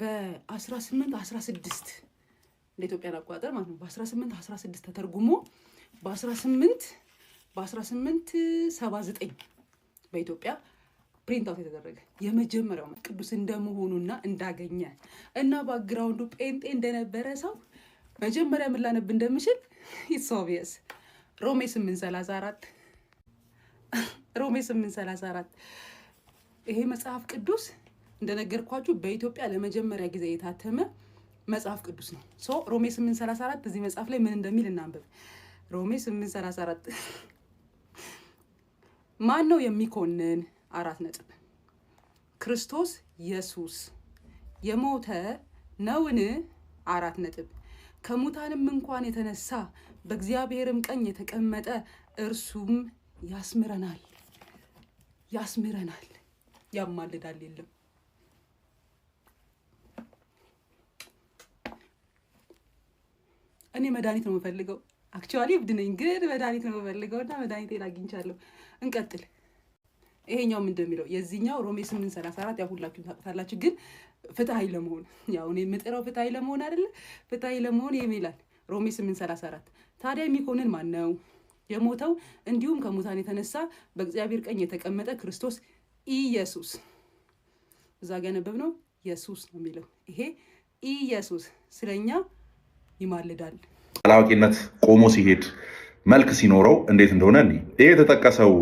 በ18 16 እንደ ኢትዮጵያን አቆጣጠር ማለት ነው። በ18 16 ተተርጉሞ በ18 በ 18 79 በኢትዮጵያ ፕሪንት አውት የተደረገ የመጀመሪያው ቅዱስ እንደመሆኑና እንዳገኘ እና ባግራውንዱ ጴንጤ እንደነበረ ሰው መጀመሪያ ምን ላነብ እንደምችል ኢትስ ኦብቪየስ ሮሜ 834 ሮሜ 834 ይሄ መጽሐፍ ቅዱስ እንደነገርኳችሁ በኢትዮጵያ ለመጀመሪያ ጊዜ የታተመ መጽሐፍ ቅዱስ ነው። ሰው ሮሜ 834 እዚህ መጽሐፍ ላይ ምን እንደሚል እናንብብ። ሮሜ 834 ማን ነው የሚኮንን? አራት ነጥብ ክርስቶስ ኢየሱስ የሞተ ነውን? አራት ነጥብ ከሙታንም እንኳን የተነሳ በእግዚአብሔርም ቀኝ የተቀመጠ እርሱም ያስምረናል ያስምረናል፣ ያማልዳል የለም እኔ መድኃኒት ነው የምፈልገው። አክቹዋሊ እብድ ነኝ፣ ግን መድኃኒት ነው የምፈልገው እና መድኃኒቴን አግኝቻለሁ። እንቀጥል። ይሄኛው ምንድን የሚለው? የዚህኛው ሮሜ ስምንት ሰላሳ አራት ያው ሁላችሁም ታውቁታላችሁ፣ ግን ፍትሀይ ለመሆን ያው እኔ የምጥረው ፍትሀይ ለመሆን አይደለ? ፍትሀይ ለመሆን ይህም ይላል ሮሜ ስምንት ሰላሳ አራት ታዲያ የሚኮንን ማን ነው? የሞተው እንዲሁም ከሙታን የተነሳ በእግዚአብሔር ቀኝ የተቀመጠ ክርስቶስ ኢየሱስ። እዛ ጋ ያነበብነው ኢየሱስ ነው የሚለው ይሄ ኢየሱስ ስለኛ ይማልዳል። አላዋቂነት ቆሞ ሲሄድ መልክ ሲኖረው እንዴት እንደሆነ ይህ የተጠቀሰው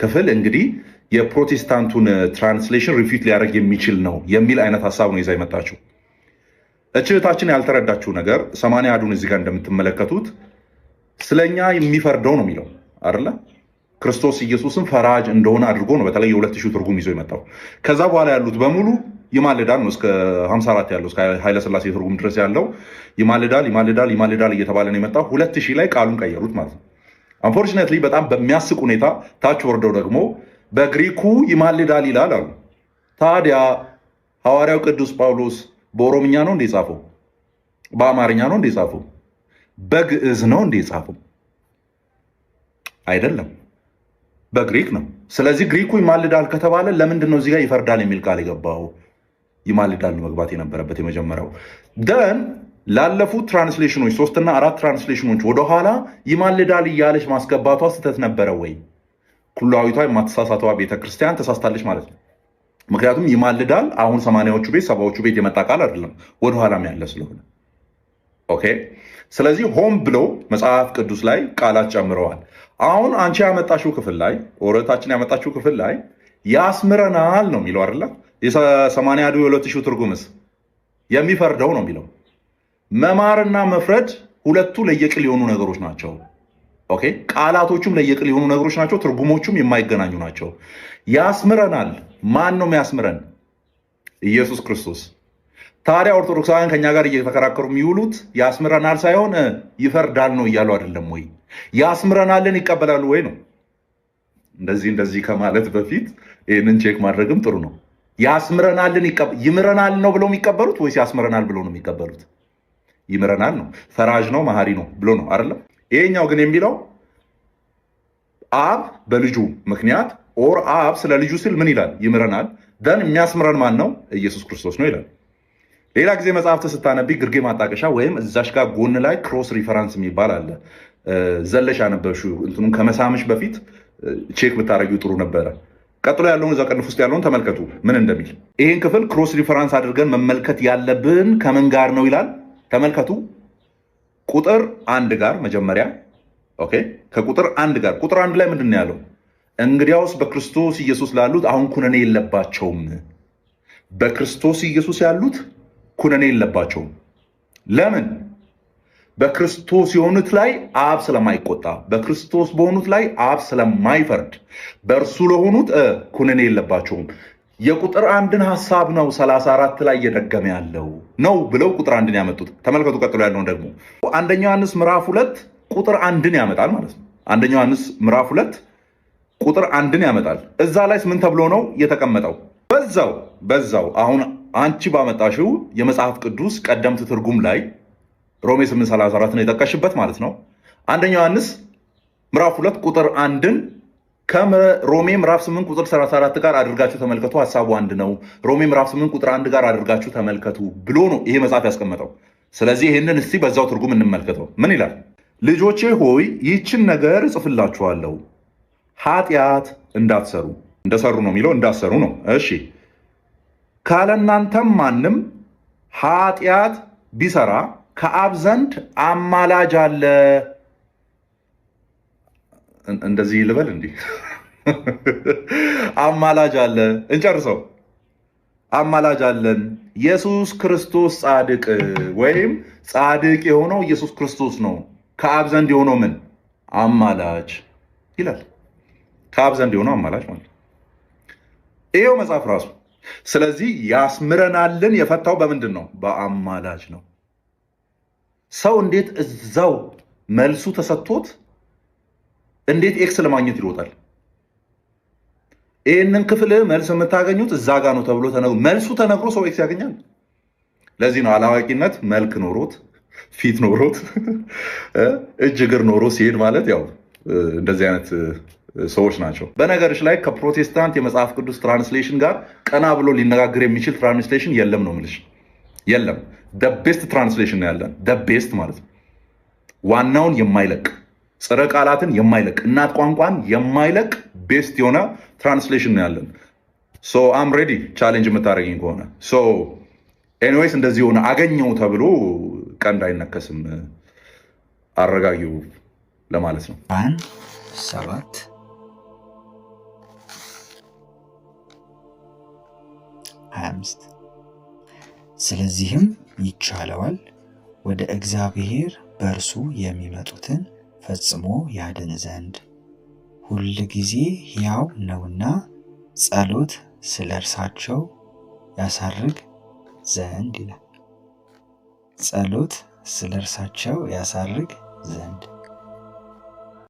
ክፍል እንግዲህ የፕሮቴስታንቱን ትራንስሌሽን ሪፊት ሊያደርግ የሚችል ነው የሚል አይነት ሀሳብ ነው ይዛ የመጣችው። እችህታችን ያልተረዳችው ነገር ሰማንያ አዱን እዚህ ጋር እንደምትመለከቱት ስለኛ የሚፈርደው ነው የሚለው አይደለ? ክርስቶስ ኢየሱስን ፈራጅ እንደሆነ አድርጎ ነው በተለይ የሁለት ሺህ ትርጉም ይዞ የመጣው። ከዛ በኋላ ያሉት በሙሉ ይማልዳል ነው እስከ 54 ያለው እስከ ኃይለስላሴ ትርጉም ድረስ ያለው ይማልዳል ይማልዳል ይማልዳል እየተባለ ነው የመጣው። ሁለት ሺህ ላይ ቃሉን ቀየሩት ማለት ነው። አንፎርችነትሊ በጣም በሚያስቅ ሁኔታ ታች ወርደው ደግሞ በግሪኩ ይማልዳል ይላል አሉ። ታዲያ ሐዋርያው ቅዱስ ጳውሎስ በኦሮምኛ ነው እንደ ጻፈው? በአማርኛ ነው እንደ ጻፈው? በግዕዝ ነው እንደ ጻፈው? አይደለም፣ በግሪክ ነው። ስለዚህ ግሪኩ ይማልዳል ከተባለ ለምንድን ነው እዚህ ጋር ይፈርዳል የሚል ቃል የገባው? ይማልዳል መግባት የነበረበት የመጀመሪያው ደን ላለፉት ትራንስሌሽኖች ሶስትና አራት ትራንስሌሽኖች ወደኋላ ይማልዳል እያለች ማስገባቷ ስህተት ነበረ ወይ? ኩላዊቷ የማትሳሳተዋ ቤተክርስቲያን ተሳስታለች ማለት ነው። ምክንያቱም ይማልዳል አሁን ሰማንያዎቹ ቤት ሰባዎቹ ቤት የመጣ ቃል አይደለም፣ ወደኋላም ያለ ስለሆነ ኦኬ። ስለዚህ ሆም ብለው መጽሐፍ ቅዱስ ላይ ቃላት ጨምረዋል። አሁን አንቺ ያመጣችው ክፍል ላይ ኦረታችን ያመጣችው ክፍል ላይ ያስምረናል ነው የሚለው አይደለ? የሰማንያ ዱ የሁለት ትርጉምስ የሚፈርደው ነው የሚለው። መማርና መፍረድ ሁለቱ ለየቅል የሆኑ ነገሮች ናቸው። ኦኬ ቃላቶቹም ለየቅል የሆኑ ነገሮች ናቸው። ትርጉሞቹም የማይገናኙ ናቸው። ያስምረናል። ማን ነው የሚያስምረን? ኢየሱስ ክርስቶስ። ታዲያ ኦርቶዶክሳውያን ከኛ ጋር እየተከራከሩ የሚውሉት ያስምረናል ሳይሆን ይፈርዳል ነው እያሉ አይደለም ወይ? ያስምረናልን ይቀበላሉ ወይ ነው። እንደዚህ እንደዚህ ከማለት በፊት ይህንን ቼክ ማድረግም ጥሩ ነው። ያስምረናልን ይምረናል ነው ብለው የሚቀበሉት ወይስ ያስምረናል ብሎ ነው የሚቀበሉት? ይምረናል ነው። ፈራጅ ነው መሀሪ ነው ብሎ ነው አይደለም። ይሄኛው ግን የሚለው አብ በልጁ ምክንያት ኦር አብ ስለ ልጁ ስል ምን ይላል? ይምረናል። ደን የሚያስምረን ማን ነው? ኢየሱስ ክርስቶስ ነው ይላል። ሌላ ጊዜ መጽሐፍት ስታነቢ ግርጌ ማጣቀሻ ወይም እዛሽ ጋር ጎን ላይ ክሮስ ሪፈራንስ የሚባል አለ። ዘለሽ አነበብሽው እንትኑን ከመሳምሽ በፊት ቼክ ብታደረጊው ጥሩ ነበረ። ቀጥሎ ያለውን እዛ ቅንፍ ውስጥ ያለውን ተመልከቱ ምን እንደሚል። ይህን ክፍል ክሮስ ሪፈራንስ አድርገን መመልከት ያለብን ከምን ጋር ነው ይላል። ተመልከቱ ቁጥር አንድ ጋር መጀመሪያ ኦኬ፣ ከቁጥር አንድ ጋር ቁጥር አንድ ላይ ምንድን ነው ያለው? እንግዲያውስ በክርስቶስ ኢየሱስ ላሉት አሁን ኩነኔ የለባቸውም። በክርስቶስ ኢየሱስ ያሉት ኩነኔ የለባቸውም። ለምን በክርስቶስ የሆኑት ላይ አብ ስለማይቆጣ በክርስቶስ በሆኑት ላይ አብ ስለማይፈርድ በእርሱ ለሆኑት ኩነኔ የለባቸውም። የቁጥር አንድን ሀሳብ ነው 34 ላይ እየደገመ ያለው ነው ብለው ቁጥር አንድን ያመጡት። ተመልከቱ ቀጥሎ ያለውን ደግሞ አንደኛ ዮሐንስ ምዕራፍ ሁለት ቁጥር አንድን ያመጣል ማለት ነው። አንደኛ ዮሐንስ ምዕራፍ ሁለት ቁጥር አንድን ያመጣል። እዛ ላይስ ምን ተብሎ ነው የተቀመጠው? በዛው በዛው አሁን አንቺ ባመጣሽው የመጽሐፍ ቅዱስ ቀደምት ትርጉም ላይ ሮሜ 834 ነው የጠቀሽበት ማለት ነው። አንደኛው ዮሐንስ ምዕራፍ 2 ቁጥር አንድን ከሮሜ ምዕራፍ 8 ቁጥር 34 ጋር አድርጋችሁ ተመልከቱ። ሀሳቡ አንድ ነው። ሮሜ ምዕራፍ 8 ቁጥር አንድ ጋር አድርጋችሁ ተመልከቱ ብሎ ነው ይሄ መጽሐፍ ያስቀመጠው። ስለዚህ ይህንን እስቲ በዛው ትርጉም እንመልከተው። ምን ይላል? ልጆቼ ሆይ ይህችን ነገር እጽፍላችኋለሁ ኃጢአት እንዳትሰሩ። እንደሰሩ ነው የሚለው እንዳትሰሩ ነው። እሺ ካለእናንተም ማንም ኃጢአት ቢሰራ ከአብ ዘንድ አማላጅ አለ። እንደዚህ ልበል እንዲህ አማላጅ አለ። እንጨርሰው። አማላጅ አለን። ኢየሱስ ክርስቶስ ጻድቅ ወይም ጻድቅ የሆነው ኢየሱስ ክርስቶስ ነው። ከአብ ዘንድ የሆነው ምን አማላጅ ይላል። ከአብ ዘንድ የሆነው አማላጅ ማለት ይሄው መጽሐፍ ራሱ። ስለዚህ ያስምረናልን የፈታው በምንድን ነው? በአማላጅ ነው። ሰው እንዴት እዛው መልሱ ተሰጥቶት እንዴት ኤክስ ለማግኘት ይሮጣል? ይህንን ክፍል መልስ የምታገኙት እዛ ጋ ነው ተብሎ መልሱ ተነግሮ ሰው ኤክስ ያገኛል። ለዚህ ነው አላዋቂነት መልክ ኖሮት ፊት ኖሮት እጅ እግር ኖሮ ሲሄድ ማለት ያው እንደዚህ አይነት ሰዎች ናቸው። በነገርሽ ላይ ከፕሮቴስታንት የመጽሐፍ ቅዱስ ትራንስሌሽን ጋር ቀና ብሎ ሊነጋገር የሚችል ትራንስሌሽን የለም ነው የምልሽ። የለም። ቤስት ትራንስሌሽን ነው ያለን። ቤስት ማለት ነው ዋናውን የማይለቅ ፀረ ቃላትን የማይለቅ እናት ቋንቋን የማይለቅ ቤስት የሆነ ትራንስሌሽን ነው ያለን። አም ሬዲ ቻሌንጅ የምታደረግኝ ከሆነ ኤኒዌይስ፣ እንደዚህ ሆነ አገኘው ተብሎ ቀንድ አይነከስም። አረጋጊ ለማለት ነው። አንድ ሰባት ሀያ አምስት ስለዚህም ይቻለዋል ወደ እግዚአብሔር በእርሱ የሚመጡትን ፈጽሞ ያድን ዘንድ ሁል ጊዜ ያው ነውና ጸሎት ስለ እርሳቸው ያሳርግ ዘንድ ይላል። ጸሎት ስለ እርሳቸው ያሳርግ ዘንድ